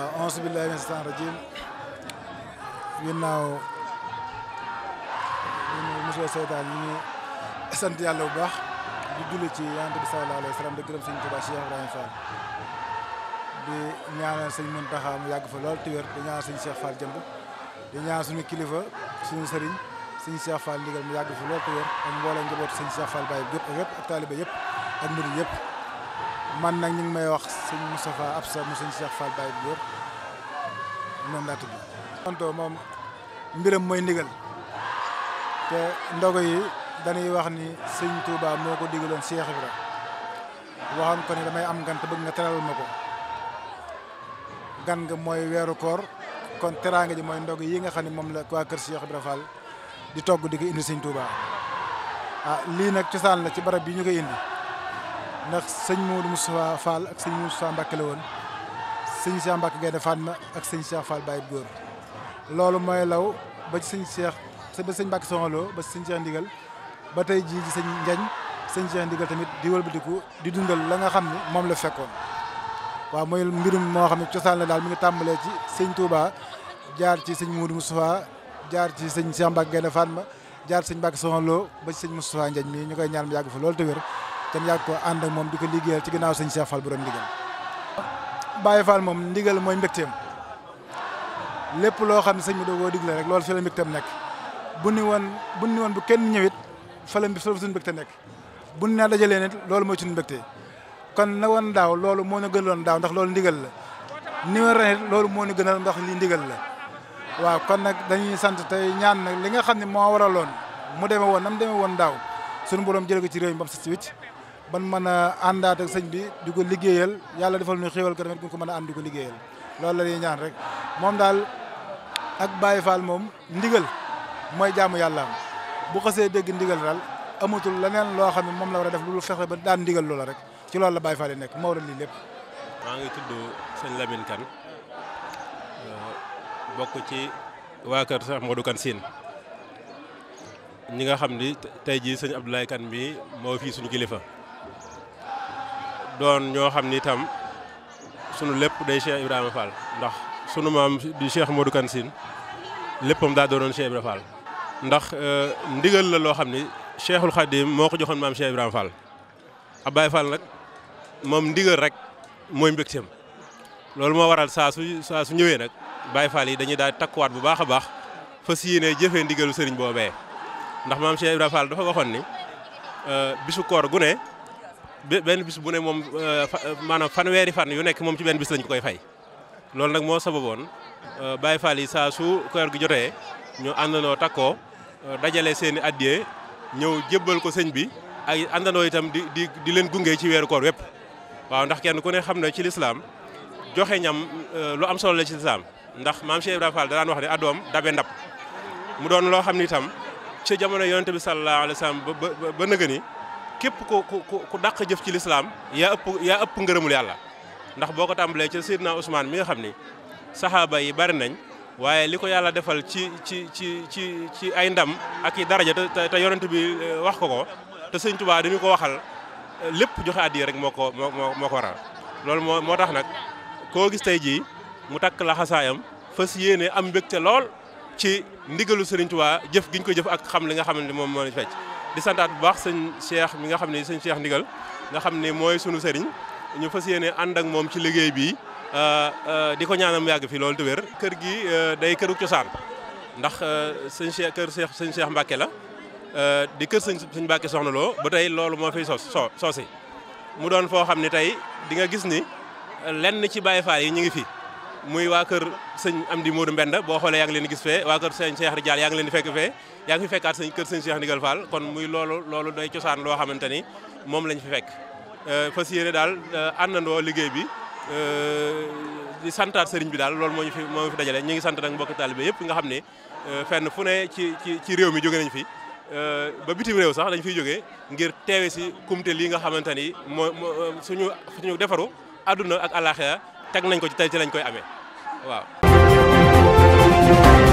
waa billaahi mina shaytaani rajiim ginnaaw ñu ñu ngi sant yàlla bu baax di julli ci yonent bi sallallaahu alayhi wa sallam di gërëm sëñ Tuubaa Cheikh Ibrahima Fall di ñaanal sëñ Muntaxa mu yàgg fa lool te wér di ñaanal sëñ Cheikh Fall jëmb di ñaanal suñu kilifa suñu sëriñ sëñ Cheikh Fall ndigal mu yàgg fa lool te wér ak mboolem njabootu sëñ Cheikh Fall Baye yëpp ak yëpp ak taalibe yëpp ak murid yëpp man nag ñu ngi may wax sëñ Moustapha ab mu sëñ Cheikh Fall Baye Diop noonu laa tudd. moom mbiram mooy ndigal te ndogo yi dañuy wax ni sëñ Touba moo ko digaloon Cheikh Ibra waxoon ko ne damay am gan te bëgg nga teral ma ko gan nga mooy weeru koor kon teraanga ji mooy ndog yi nga xam ne moom la waa kër Cheikh Ibra Fall di togg di ko indi sëñ Touba ah lii nag cosaan la ci barab yi ñu ko indi. ndax sëñ Modou Moustapha Fall ak sëñ Moustapha Mbacke la woon sëñ Cheikh Mbacke Gaynde ma ak sëñ Cheikh Fall Baye Góor loolu mooy law ba ci sëñ Cheikh ba sëñ Mbacke Soxaloo ba ci sëñ Cheikh Ndigal ba tey jii ci sëñ sëñ Cheikh Ndigal tamit di wëlbatiku di dundal la nga xam ne moom la fekkoon waaw mooy mbirum moo xam ne cosaan daal mi ngi tàmbalee ci sëñ Touba jaar ci sëñ Modou Moustapha jaar ci sëñ Cheikh Mbacke Gaynde Fatma jaar ci sëñ Mbacke Soxaloo ba ci sëñ Moustapha Njañ mii ñu koy ñaan mu yàgg fa loolu te wér kenn yàgg ko ànd ak moom di ko liggéeyal ci ginnaaw sëñ Cheikh Fall borom ndigal Baye Fall moom ndigal mooy mbégteem lépp loo xam ne sëñ bi da koo digle rek loolu fi la nekk bu ni woon bu ni woon bu kenn ñëwit fa la suñu mbégte nekk bu ni naa dajalee nit loolu mooy suñu kon na woon daaw loolu moo ñu gënaloon daaw ndax loolu ndigal la ni woon ren loolu moo ñu gënal ndax li ndigal la waaw kon nag dañuy sant tey ñaan nag li nga xam ne moo waraloon mu demee woon nam demee woon daaw suñu borom jëlee ci réew mi ba mu sës ci wicc ban mën a àndaat ak sëñ bi di ko liggéeyal yàlla defal ñu xéewal ko tamit ko mën a ànd di ko liggéeyal loolu la ñuy ñaan rek moom daal ak Baye Fall moom ndigal mooy jaamu yàlla bu xasee dégg ndigal daal amatul leneen loo xam ne moom la war a def lu fexe ba daan ndigal loola rek ci lool la baay Fall yi nekk moo a lii lépp. maa ngi tudd sëñ Lamine Kane euh, bokk ci waa kër Cheikh Modou Kane Sine ñi nga xam ni tey jii sëñ Abdoulaye Kane bi moo fii suñu kilifa. doon ñoo xam ni itam sunu lépp day Cheikh Ibrahima Fall ndax sunu maam di Cheikh Modou Kane Sine léppam daa doonoon Cheikh Ibrahima ndax euh, ndigal la loo xam ni Cheikhul Khadim moo ko joxoon maam Cheikh Ibrahima Fall nag moom ndigal rek mooy mbégteem loolu moo waral saa su saa su ñëwee nag Baye Fall yi dañuy daal takkuwaat bu baax a baax fas yéenee jëfee ndigalu sëriñ boobee ndax maam Cheikh Ibrahima Fall dafa waxoon ni euh, bisu koor gu ne benn bis bu ne moom euh, euh, maanaam fanweeri fan yu nekk moom ci benn bis lañ koy fay loolu nag moo sababoon euh, Baye Fall yi saa su koor gi jotee ñu àndandoo takkoo dajale seen i addiye ñëw jébbal ko sëñ bi ay àndandoo itam di di di leen gunge ci weeru koor wépp waaw ndax kenn ku ne xam na ci lislaam joxe ñam lu am solo la ci lislaam ndax maam Cheikh Ibrahima Fall da daan wax ne addoom dabe ndab mu doon loo xam ni itam ci jamono yonent bi sallallahu alayhi wa sallam ba ba ba nëgëni képp ku ku ku dàq jëf ci lislaam yaa ëpp yaa ëpp ngërëmul yàlla ndax boo ko tàmbalee ci Seydina Ousmane mi nga xam ni saxaaba yi bari nañ waaye li ko yàlla defal ci ci ci ci ci ay ndam ak i daraja te te bi eh, wax ko ko te Sëñ Tuubaa dañu ko waxal eh, lépp joxe addiya rek moo ko moo ko waral loolu moo moo tax nag koo gis tey ji mu takk laxasaayam xasaayam fas yéene am mbégte lool ci ndigalu Sëriñ Tuubaa jëf giñ ko jëf ak xam li nga xam ne moom moo fecc di santaat bu baax sëñ Cheikh mi nga xam ne sëñ Cheikh Ndigal nga xam ni mooy sunu sëriñ ñu fas yéene ànd ak moom ci liggéey bi euh, euh, di ko ñaanam yàgg fi loolu te wér. kër gi euh, day këru cosaan ndax sëñ Cheikh kër Cheikh sëñ Cheikh Mbacke la di kër sëñ sëñ Mbacke soxna loo ba tey loolu moo fiy sos soosi mu doon foo xam ne tey di nga gis ni lenn ci Baye Fall yi ñu ngi fi. muy waa kër sëñ am Amdi Modou Mbenda boo xoolee yaa ngi leen gis fee waa kër sëñ Cheikh Ridial yaa ngi leen fekk fee yaa ngi fi fekkaat sëñ kër sëñ Cheikh Ndigal Fall kon muy loolu loolu day cosaan loo xamante ni moom lañ fi fekk euh, fas yéene daal euh, àndandoo liggéey bi euh, di santaat sëriñ bi daal loolu moo ñu fi moo ñu dajale ñu ngi sant nag mbokk taalibe yëpp nga xam ne fenn fu ne ci ci ci réew mi jóge nañ fi ba bitim réew sax dañ fiy jógee ngir teewe si kumte lii nga xamante ni moo suñu suñu defaru àdduna ak àllaaxira teg nañ ko ci tey lañ koy ame waaw.